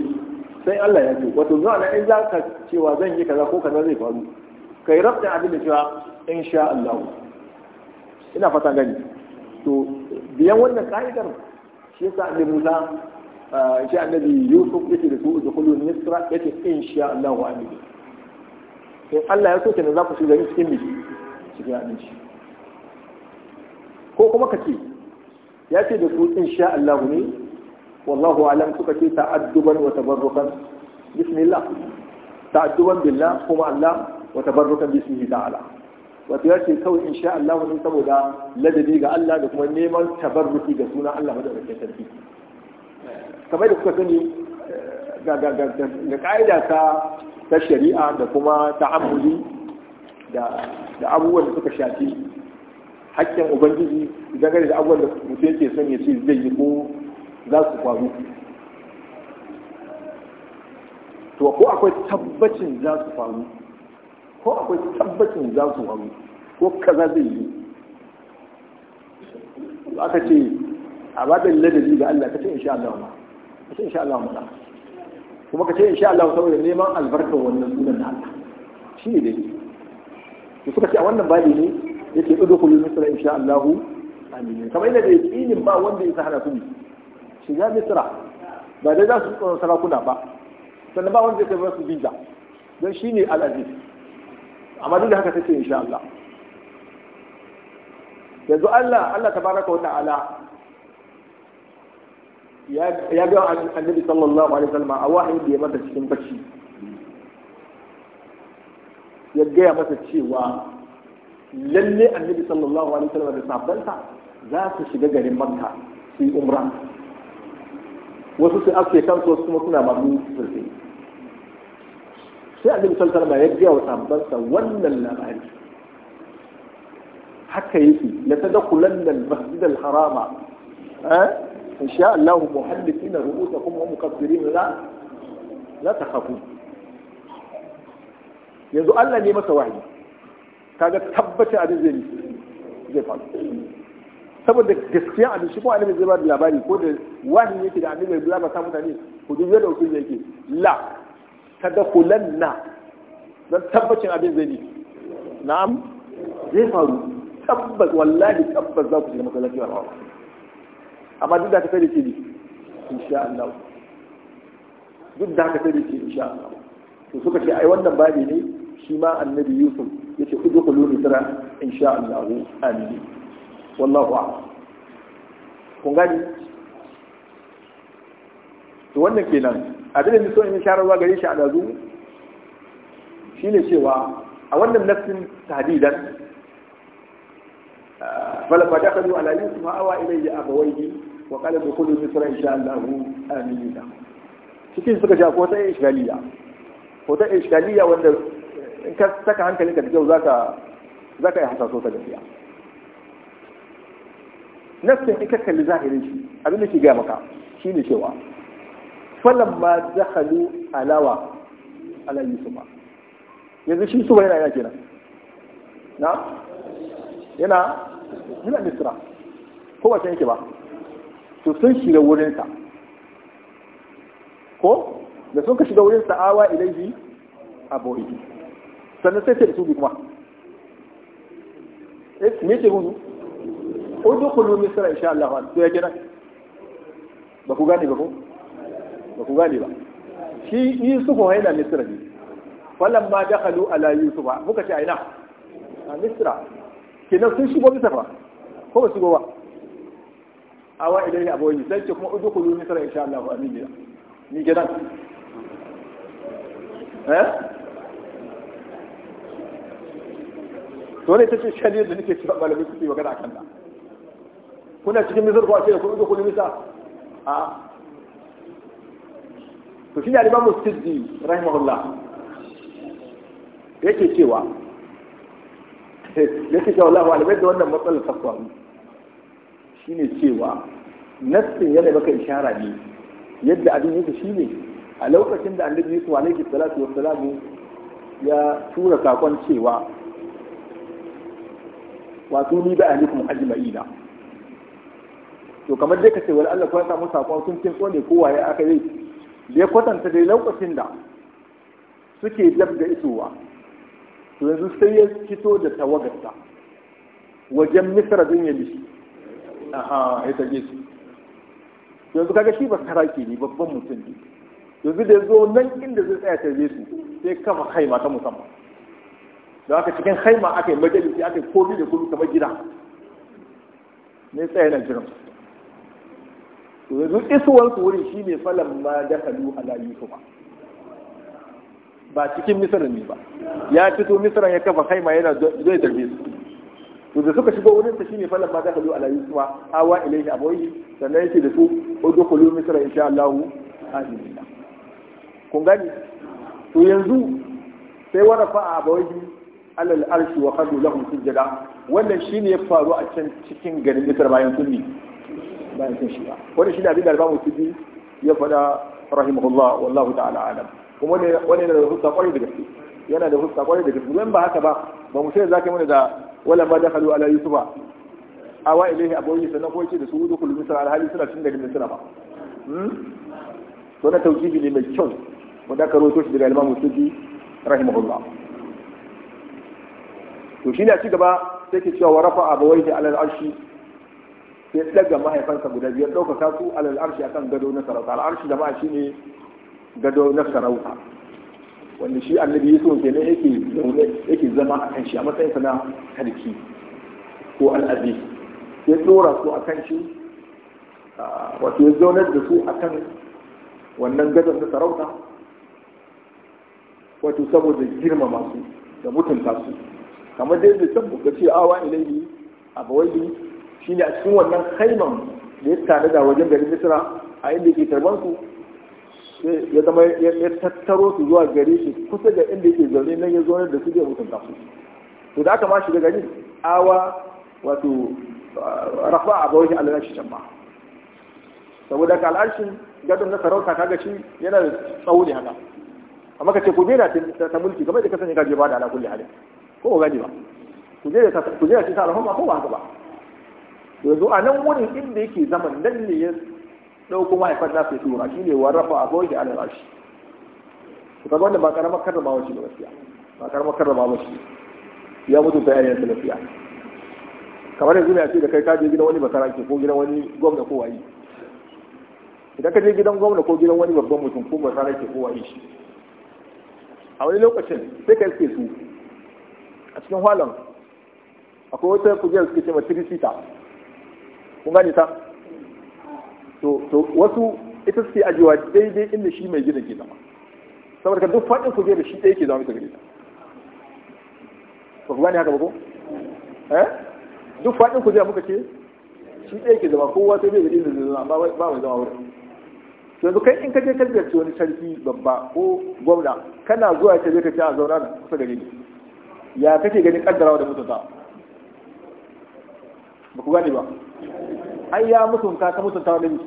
sai Allah ya ce wato zuwa na in za ka cewa zan yi kaza ko kaza zai faru kai rabta abin da cewa in sha Allah ina fata gani to biyan wannan ka'idar shi yasa Annabi Musa shi annabi yusuf yake da su da kullu misra yake insha Allah wa amin in Allah ya so kenan za ku shiga cikin miji cikin abinci ko kuma ka ya ce da su insha Allah ne wallahu alam suka ce ta'adduban wa tabarrukan bismillah ta'adduban billah kuma Allah wa tabarrukan bismihi ta'ala wato ya ce kawai insha Allah ne saboda ladabi ga Allah da kuma neman tabarruki ga suna Allah madaukakin sarki kamar da kuka sani ga ka'ida ta ta shari'a da kuma ta amuli da abubuwan da suka shafi hakkin ubangiji dangane da abubuwan da mutum yake son ya ce zai yi ko za su faru to ko akwai tabbacin za su faru ko akwai tabbacin za su faru ko kaza zai yi aka ce a baɗin ladabi ga Allah ka ce insha Allah ma ka ce insha Allah ma kuma ka ce insha Allah saboda neman albarkar wannan sunan na Allah shi ne dai to suka ce a wannan babi ne yake udkhulu misra insha Allah amin kamar yadda yakinin ba wanda ya hana ku shiga misra ba dai za su tsoro sarakuna ba sannan ba wanda yake ba su visa dan shi ne al'aziz amma duk da haka take insha Allah yanzu Allah Allah tabaraka wa ta'ala ya ga annabi sallallahu alaihi wasallam a wahayin da ya masa cikin bacci ya gaya masa cewa lalle annabi sallallahu alaihi wasallam da sabbansa za su shiga garin makka su yi umra wasu su aske kansu wasu kuma suna mamu sosai sai annabi sallallahu alaihi wasallam ya gaya wa sabbansa wannan labari haka yake la tadkhulanna al-masjid al-harama eh in sha Allah muhallikina kuma wa mukabbirin la la takhafu yanzu Allah ne masa wahayi kaga tabbata abin zai zai faru saboda gaskiya abin shi ko annabi zai ba da labari ko da wahayi yake da annabi zai ba ta mutane ku duk yadda ku yake la tadkhulanna dan tabbacin abin zai yi na'am zai faru tabbas wallahi tabbas za ku shiga masallaci wallahi amma duk da haka sai da ke bi insha Allah duk da haka sai da ke insha Allah to suka ce ai wannan babi ne shi ma annabi Yusuf yace udkhulu misra insha Allah amin wallahu a'lam kun gani to wannan kenan abin da so in share ruwa gare shi a dazu shine cewa a wannan nafsin tahdidan فلما دخلوا على يوسف اوى اليه ابويه وقال ادخلوا مصر ان شاء الله امنين cikin suka shafi wata ishgaliya wata ishgaliya wanda in ka saka hankalinka da kyau zaka zaka yi hasaso ta gaskiya nafsin in ka kalli zahirin shi abin da ke gaya maka shi ne cewa falan ma dakhalu alawa ala yusufa yanzu shi su yana yana kenan na yana yana misira ko ba yake ba to sun shiga wurinsa ko da sun ka shiga wurinsa awa ji a bori sannan sai sai da su bi kuma eh me ce gudu udkhulu misra insha Allah to ya kenan ba ku gane ba ko ba ku gane ba shi Yusuf yana misra ne falamma dakhalu ala yusufa muka ce aina a misira. kenan sun shigo bisa ba ko ba shigo ba awa ilaihi abawaji sai ce kuma udkhulu misra insha Allah wa amin gida ni gidan eh to ne ce shari'a da nake cewa malamai su yi magana kan ta kuna cikin misar ko a ce ku udkhulu misra a to shi ne alimamu imam Siddi rahimahullah yake cewa da suke wallahu alamai da wannan matsalar ta faru shine cewa nassin yana maka ishara ne yadda abin yake ne a lokacin da annabi Yusuf alaihi salatu wa salamu ya tura sakon cewa wato ni ba alikum ajma'ina to kamar dai ce wal Allah ko ya samu sakon sun tin ne kowa ya aka yi da ya kwatanta dai lokacin da suke dab da isowa to yanzu sai ya fito da tawagarsa wajen misra din ya mishi aha ya tage shi yanzu kaga shi ba saraki ne babban mutum ne yanzu da zo nan inda zai tsaya tarbe su sai kama haima ta musamman da aka cikin haima aka yi majalisi aka yi komi da komi kamar gida ne tsaye na jiran to yanzu su wurin shi ne falan ma da halu ala yusufa ba cikin misirin ne ba ya fito misirin ya kafa haima yana zai darbe su to da suka shigo wurin ta shine falan ma dakalu ala yusufa awa ilayhi abawayhi sannan yake da su udkhulu misra insha Allah amin kun gani to yanzu sai warafa abawayhi alal arshi wa qad lahum sujada wannan shine ya faru a can cikin garin misra bayan sunni bayan sun shiga wannan shine abin da al ya faɗa rahimahullah wallahu ta'ala alam kuma wani yana da hutsa kwarai da gaske yana da hutsa kwarai da gaske wani ba haka ba ba mu sai zaki mana da wala ma dakhalu ala yusufa awa ilaihi abawi sannan ko yace da su wudu kullu misra alhali suna cikin garin misra ba hmm? to na tauhidi ne mai kyau wanda ka roto shi daga al-Imam Sufi rahimahullah to shi ne a cigaba sai ke cewa warafa abawaihi ala al-arshi sai daga mahaifansa guda biyar ɗaukaka su ala al-arshi akan gado na sarauta al-arshi da ma shine gado na sarauta wanda shi annabi yusuf kenan yake zaune yake zama a kan shi a matsayinsa na sarki ko al'adi ya tsora su a kan shi wato ya zaunar da su a kan wannan gadon na sarauta wato saboda girmama su da mutunta su kamar dai da san buka ce awa ilaihi a bawai ne a cikin wannan haiman da ya tare da wajen garin Misira a inda ke tarban su ya zama ya tattaro su zuwa gare shi kusa da inda yake zaune nan ya zo da su zai mutunta su to da aka ma shiga gari awa wato ah, rafa a bawai shi alalashi can ba saboda ka al'arshin gadon na sarauta kaga shi yana da tsawo ne haka amma ka ce ku jera ta mulki kamar da ka sani ka je ba da ala kulli halin ko ba gani ba ku jera ta ku jera ta alhamma ko ba haka ba yanzu a nan wurin inda yake zaman nan ne ya ɗauko mahaifar na sai tura shi ne warrafa a bawai da alal arshi to kaga wannan ba karamar karrama wace ba gaskiya ba karamar karrama wace ya mutu ta yayin salafiya kamar yanzu ne a ce da kai ka je gidan wani basara ke ko gidan wani gwamna ko wayi idan ka je gidan gwamna ko gidan wani babban mutum ko basara ke ko wayi shi a wani lokacin sai ka iske su a cikin halon akwai wata kujiyar suke ce ma tirisita kun gane ta to wasu ita suke ajiyewa daidai inda shi mai gidan ke zama saboda ka duk faɗin da shi ɗaya ke zama bisa gare ta ba ku gane haka ba ko eh duk faɗin kujerar muka ce shi ɗaya ke zama kowa sai bai da zai zama ba mai zama wurin yanzu kai in ka je ka ziyarci wani sarki babba ko gwamna kana zuwa ka je ka ci a zauna da kusa gari ne. ya kake ganin kaddarawa da mutunta ba ku gani ba ai ya mutunta ka mutunta wani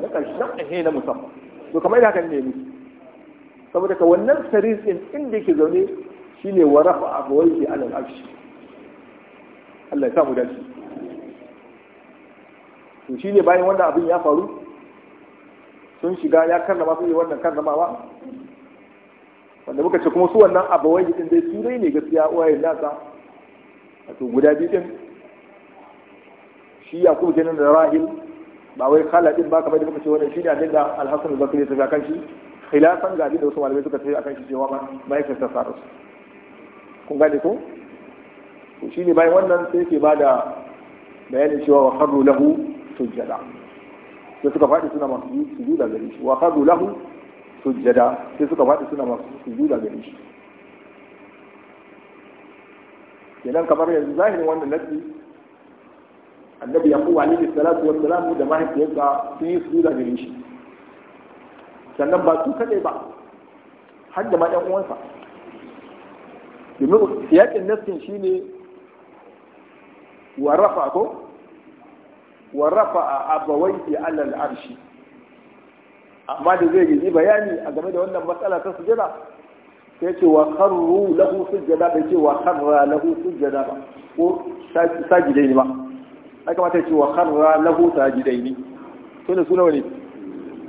na ƙarshe na ƙarshe na musamman to kamar yadda hakan nemi. saboda ka wannan sarir din inda yake zaune shine wa rafa abawaihi ala al-arsh Allah ya samu dace to shine bayan wannan abin ya faru sun shiga ya karnama su yi eh, wannan karnamawa? wanda muka ce kuma su wannan abawai din dai turai ne gaskiya uwaye nasa to guda biyu din shi yakub kenan da rahil ba wai kala din ba kamar da muka ce wannan ne abin da al-Hasan al-Basri ya kan shi khilafan ga da wasu malamai suka tafi akan shi cewa ba ma'aikatan ta sarus kun gane ko to ne bayan wannan sai yake bada bayanin cewa wa kharru lahu sujada sai suka faɗi suna masu sujuda gare shi wa kharru lahu sujada sai suka faɗi suna masu sujuda gare shi kenan kamar yanzu zahirin wannan lafi annabi kuwa alaihi salatu salamu da mahaifiyarsa sun yi sujuda gare shi sannan ba su kadai ba har da ma ɗan uwansa domin siyaƙin nassin shine warrafa ko warrafa a abawaihi alal arshi amma da zai yi bayani a game da wannan matsala ta sujada sai ce wa kharru lahu sujada bai ce wa kharra lahu sujada ba ko sajidai ba ai kamata ya ce wa kharra lahu sajidaini to ne suna wani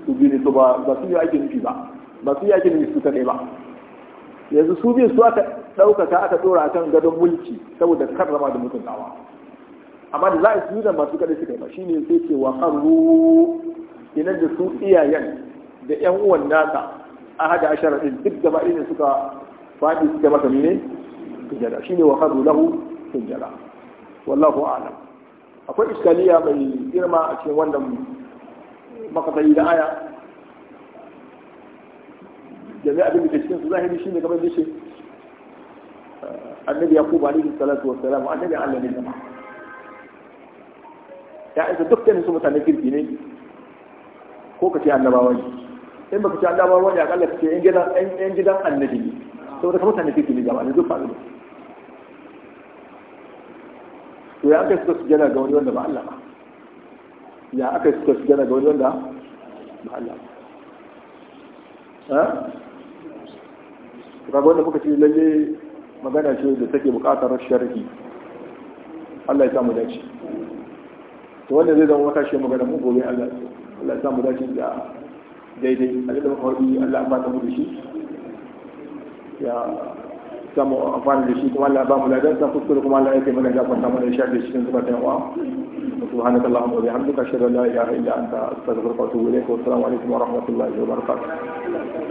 su biyu ne to ba ba su yi ake nufi ba ba su yi ake nufi su kadai ba yanzu su biyu su aka ɗaukaka aka ɗora kan gadon mulki saboda karrama da mutuntawa amma da za a su masu ba su kai suka yi ba shine sai ce wa kharru inan da su iyayen da ƴan uwan nasa a hada ashara din duk gaba ɗaya suka faɗi suka masa ne sujada shine wa kharru lahu sujada wallahu a'lam akwai iskaliya mai girma a cikin wannan makasayi da aya jami'a abin da ke cikin su zahiri shine kamar da ce eh, annabi yaqubu alaihi salatu wa Salam. annabi Allah ne ma. ya aika dukkan su mutane kirki ne ko ka ce annabawa ne in baka ce annabawa ne akalla ka ce yan gidan annabi ne saboda ka mutane kirki ne jama'a ne duk faɗi ne. to ya aka suka sujada ga wani wanda ba Allah ba ya aka suka sujada ga wani wanda ba Allah ba ha ga wanda kuka ce lalle magana ce da take bukatar sharhi Allah ya samu dace to wanda zai zama shi magana mu gobe Allah Allah ya samu dace da daidai a da muka Allah ya ba ta mu da shi ya za mu da shi kuma Allah ba mu ladan ta kuskure kuma Allah yake mana gafarta mana ya shafe cikin zubatan wa subhanaka wa bihamdika ashhadu an la ilaha illa anta astaghfiruka wa atubu ilayk wa assalamu alaikum wa rahmatullahi wa barakatuh